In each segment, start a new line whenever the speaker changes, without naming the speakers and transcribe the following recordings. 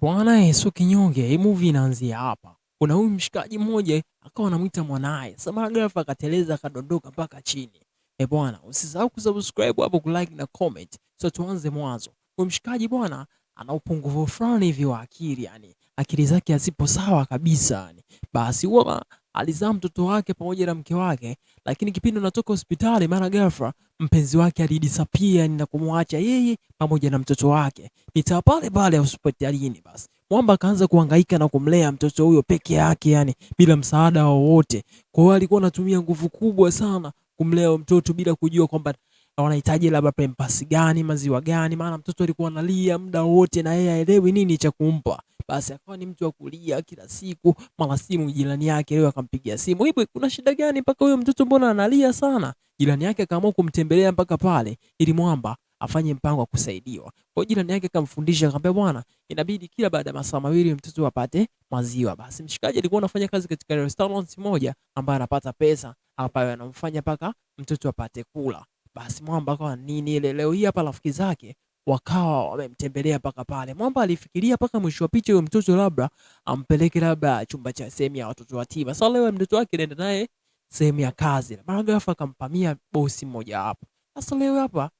Bwana Yesu kinyonge, hii movie inaanzia hapa. Kuna huyu mshikaji mmoja akawa anamwita mwanaye Samaragrafa, akateleza akadondoka mpaka chini. E bwana, usisahau kusubscribe hapo, kulike na comment. So tuanze mwanzo. Huyu mshikaji bwana ana upungufu fulani hivi wa akili, yani akili zake hazipo sawa kabisa yani. Basi huwa Alizaa mtoto wake pamoja na mke wake, lakini kipindi anatoka hospitali, mara ghafla mpenzi wake alidisapia yaani na kumwacha yeye pamoja na mtoto wake mitaa pale pale hospitalini. Basi Mwamba akaanza kuhangaika na kumlea mtoto huyo peke yake, yani bila msaada wowote. Kwa hiyo alikuwa anatumia nguvu kubwa sana kumlea mtoto bila kujua kwamba wanahitaji labda pempasi gani, maziwa gani, maana mtoto alikuwa analia muda wote na yeye aelewi nini cha kumpa. Basi akawa ni mtu wa kulia kila siku, mara simu jirani yake leo akampigia simu, hivi kuna shida gani mpaka huyo mtoto mbona analia sana? Jirani yake akaamua kumtembelea mpaka pale ili mwamba afanye mpango wa kusaidiwa. Kwa hiyo jirani yake akamfundisha, akamwambia, bwana, inabidi kila baada ya masaa mawili mtoto apate maziwa. Basi mshikaji alikuwa anafanya kazi katika restaurant moja ambayo anapata pesa hapa, anamfanya mpaka mtoto apate kula. Basi mwamba akawa nini ile leo hii hapa rafiki zake wakawa wamemtembelea mpaka pale. Mwamba alifikiria mpaka mwisho wa picha huyo mtoto labda ampeleke labda chumba cha sehemu ya watoto yatima. Sasa leo mtoto wake anaenda naye sehemu ya kazi, mara ghafla akampamia bosi mmoja hapo. Sasa leo hapa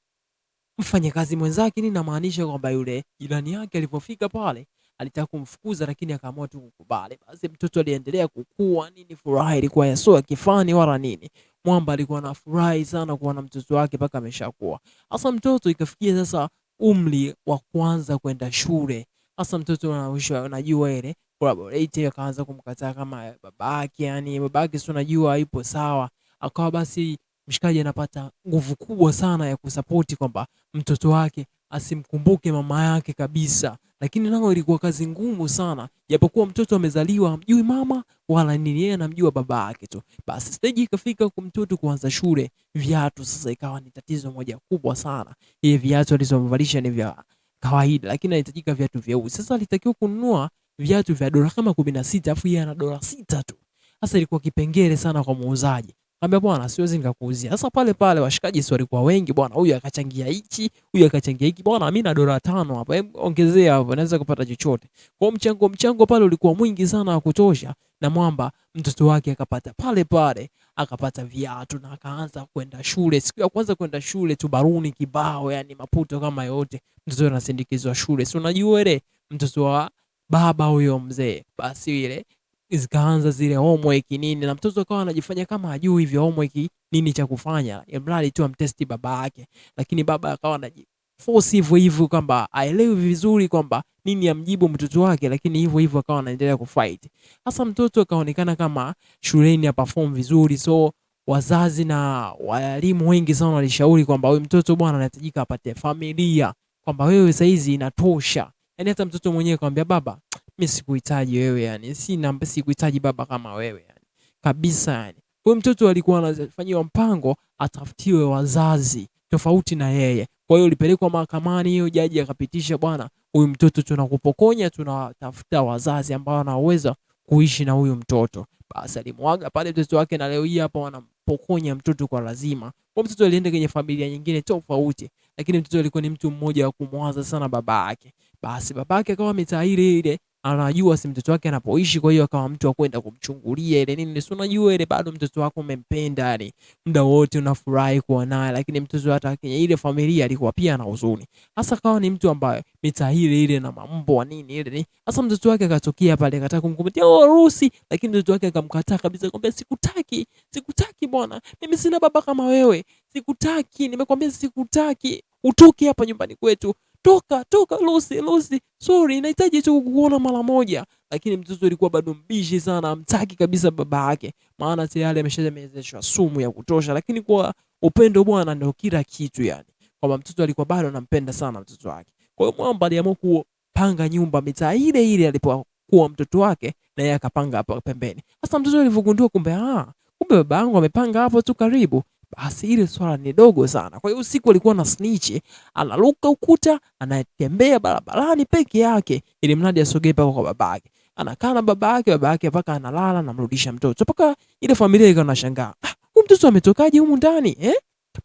mfanyakazi mwenzake, ni namaanisha kwamba yule jirani yake alipofika pale alitaka kumfukuza lakini akaamua tu kukubali. Basi mtoto aliendelea kukua, nini furaha ilikuwa ya yasoa kifani wala nini. Mwamba alikuwa na furaha sana kuwa na mtoto wake mpaka ameshakuwa. Sasa mtoto ikafikia sasa umri wa kuanza kwenda shule. Hasa mtoto unausha, unajua ile collaborate akaanza kumkataa kama babake, yani babake si unajua haipo sawa, akawa basi mshikaji anapata nguvu kubwa sana ya kusapoti kwamba mtoto wake asimkumbuke mama yake kabisa, lakini nao ilikuwa kazi ngumu sana, japokuwa mtoto amezaliwa hamjui mama wala nini, yeye anamjua baba yake tu. Basi stage ikafika kwa mtoto kuanza shule, viatu sasa ikawa ni tatizo moja kubwa sana. Yeye viatu alizomvalisha ni vya kawaida, lakini alihitajika viatu vyeusi. Sasa alitakiwa kununua viatu vya dola kama kumi na sita, afu yeye ana dola sita tu. Sasa ilikuwa kipengele sana kwa muuzaji. Kaambia bwana, siwezi nikakuuzia. Sasa pale pale washikaji si walikuwa wengi bwana, huyu akachangia hichi, huyu akachangia hiki bwana, mimi na dola tano hapa, hebu ongezea hapo, naweza kupata chochote. Kwa mchango mchango pale ulikuwa mwingi sana wa kutosha, na mwamba mtoto wake akapata pale pale, akapata viatu na akaanza kwenda shule. Siku ya kwanza kwenda shule tu baruni kibao, yani maputo kama yote, mtoto anasindikizwa shule, si unajua ile mtoto wa baba huyo mzee, basi ile zikaanza zile homework nini, na mtoto akawa anajifanya kama hajui hivyo homework nini cha kufanya, imradi tu amtesti baba yake, lakini baba akawa anaji force hivyo hivyo kwamba aelewe vizuri kwamba nini amjibu mtoto wake, lakini hivyo hivyo akawa anaendelea kufight. Hasa mtoto akaonekana kama shuleni aperform vizuri, so wazazi na walimu wengi sana walishauri kwamba huyu mtoto bwana anahitajika apate familia, kwamba wewe saizi inatosha. Yani hata mtoto mwenyewe akamwambia baba, mi sikuhitaji wewe yani, sina sikuhitaji baba kama wewe yani kabisa yani. Huyu mtoto alikuwa anafanyiwa mpango atafutiwe wazazi tofauti na yeye. Kwa hiyo ulipelekwa mahakamani, hiyo jaji akapitisha, bwana, huyu mtoto tunakupokonya, tunatafuta wazazi ambao wanaweza kuishi na huyu mtoto. Basi alimwaga pale mtoto wake, na leo hii hapa wanampokonya mtoto kwa lazima. Kwa mtoto alienda kwenye familia nyingine tofauti, lakini mtoto alikuwa ni mtu mmoja wa kumwaza sana baba yake. Basi baba yake akawa mitairi ile anajua si mtoto wake anapoishi, kwa hiyo akawa mtu akwenda kumchungulia ile nini. Si unajua ile bado mtoto wako umempenda, yani muda wote unafurahi kuwa naye, lakini mtoto hata kwenye ile familia alikuwa pia na huzuni, hasa kawa ni mtu ambaye mitaa ile ile na mambo na nini ile ni hasa. Mtoto wake akatokea pale, akataka kumkumbatia oh, harusi, lakini mtoto wake akamkataa kabisa, akamwambia sikutaki, sikutaki bwana, mimi sina baba kama wewe, sikutaki, nimekwambia sikutaki, utoke hapa nyumbani kwetu toka toka, Lucy Lucy, sorry, nahitaji tu kukuona mara moja. Lakini mtoto alikuwa bado mbishi sana, amtaki kabisa baba yake, maana tayari ameshamezeshwa sumu ya kutosha. Lakini kwa upendo bwana, ndio kila kitu yani, kwamba mtoto alikuwa bado anampenda sana mtoto wake. Kwa hiyo mwamba aliamua kupanga nyumba mitaa ile ile alipokuwa mtoto wake, na yeye akapanga hapo pembeni. Sasa mtoto alivyogundua kumbe, ah, kumbe baba yangu amepanga hapo tu karibu basi ile swala ni dogo sana. Kwa hiyo usiku alikuwa na snitch, analuka ukuta, anatembea barabarani peke yake, ili mradi asogee pako kwa babake. Anakaa na babake, babake paka analala, namrudisha mtoto paka. Ile familia ikawa inashangaa. Ah, huyu mtoto ametokaje humu ndani eh?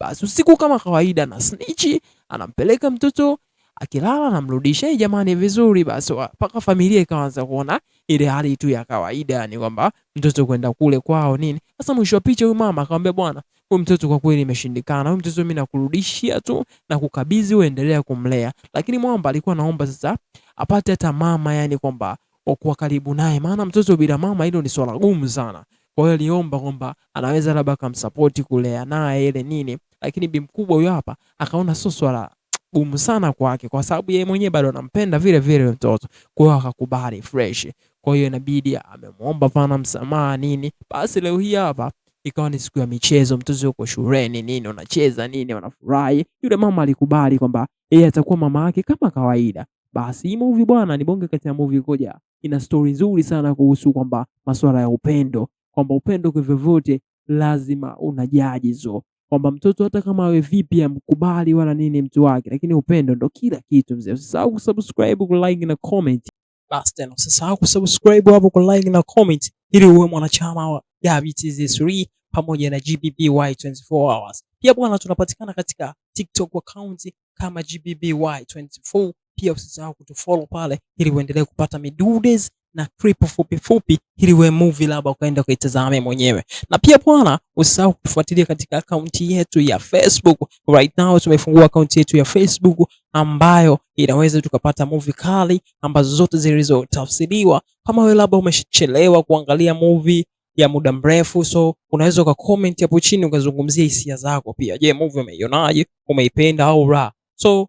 Basi usiku kama kawaida, na snitch anampeleka mtoto akilala namrudisha. Hey, jamani vizuri basi, mpaka familia ikaanza kuona ile hali tu ya kawaida, ni kwamba mtoto kwenda kule kwao nini. Sasa mwisho wa picha, huyu mama akamwambia bwana huyu mtoto kwa kweli imeshindikana, huyu mtoto mimi nakurudishia tu na kukabidhi uendelea kumlea. Lakini mwamba alikuwa naomba sasa apate hata mama, yani kwamba kuwa karibu naye, maana mtoto bila mama hilo ni swala gumu sana. Kwa hiyo aliomba kwamba anaweza labda akamsapoti kulea naye ile nini, lakini bi mkubwa huyo hapa akaona sio swala gumu sana kwake, kwa sababu yeye mwenyewe bado anampenda vile vile mtoto. Kwa hiyo akakubali fresh. Kwa hiyo inabidi amemwomba pana msamaha nini, basi leo hii hapa ikawa ni siku ya michezo, mtoto yuko shuleni nini, unacheza nini, wanafurahi. Yule mama alikubali kwamba yeye atakuwa mama yake kama kawaida. Basi hii movie bwana, ni bonge kati ya movie koja, ina stori nzuri sana kuhusu kwamba masuala ya upendo, kwamba upendo kwa vyovyote lazima una zo kwamba mtoto hata kama awe vipi amkubali wala nini mtu wake, lakini upendo ndo kila kitu. Mzee, usisahau kusubscribe, kulike na comment. Basi tena usisahau kusubscribe hapo, kulike na comment ili uwe mwanachama wa ya BTZ3 pamoja na GBBY24 hours. Pia bwana, tunapatikana katika TikTok account kama GBBY24. Pia usisahau kutufollow pale ili uendelee kupata midudes na clip fupi fupi ili we movie labda ukaenda ukaitazame mwenyewe. Na pia bwana, usisahau kutufuatilia katika akaunti yetu ya Facebook. Right now tumefungua akaunti yetu ya Facebook ambayo inaweza tukapata movie kali ambazo zote zilizotafsiriwa. Kama wewe labda umeshachelewa kuangalia movie ya muda mrefu. So unaweza uka comment hapo chini ukazungumzia hisia zako pia. Je, movie umeionaje? Umeipenda au la? So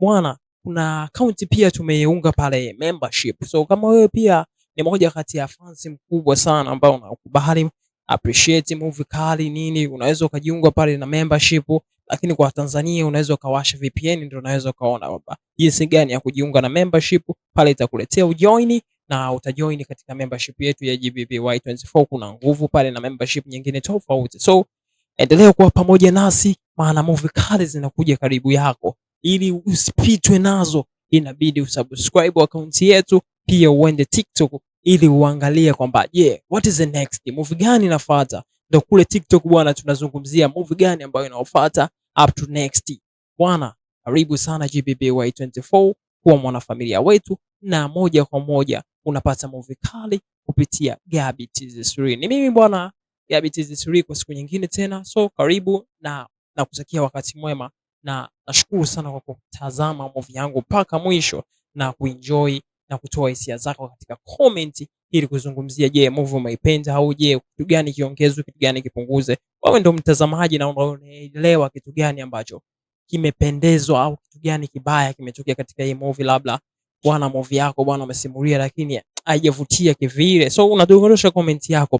mwana, kuna account pia tumeiunga pale membership. So kama wewe pia ni moja kati ya fans mkubwa sana ambao unakubali appreciate movie kali nini, unaweza ukajiunga pale na membership. Lakini kwa Tanzania unaweza ukawasha VPN, ndio unaweza ukaona kwamba jinsi gani ya kujiunga na membership pale, itakuletea ujoini na utajoin katika membership yetu ya GBVY24. Kuna nguvu pale na membership nyingine tofauti, so endelea kuwa pamoja nasi, maana movie kali zinakuja karibu yako. Ili usipitwe nazo, inabidi usubscribe akaunti yetu, pia uende TikTok ili uangalie kwamba je, yeah, what is the next movie gani inafuata? Ndio kule TikTok bwana, tunazungumzia movie gani ambayo inaofuata up to next bwana. Karibu sana GBBY24 kuwa mwanafamilia wetu, na moja kwa moja unapata movie kali kupitia Gabi TZ3. Ni mimi bwana Gabi TZ3 kwa siku nyingine tena, so karibu na nakutakia wakati mwema, na nashukuru sana kwa kutazama movie yangu mpaka mwisho na kuenjoy na kutoa hisia zako katika comment ili kuzungumzia, je, movie umeipenda au je, kitu gani kiongezwe, kitu gani kipunguze? Wewe ndio mtazamaji na unaelewa kitu gani ambacho kimependezwa au kitu gani kibaya kimetokea katika hii movie labda bwana, movie yako bwana, umesimulia lakini haijavutia kivile, so unadondosha comment yako.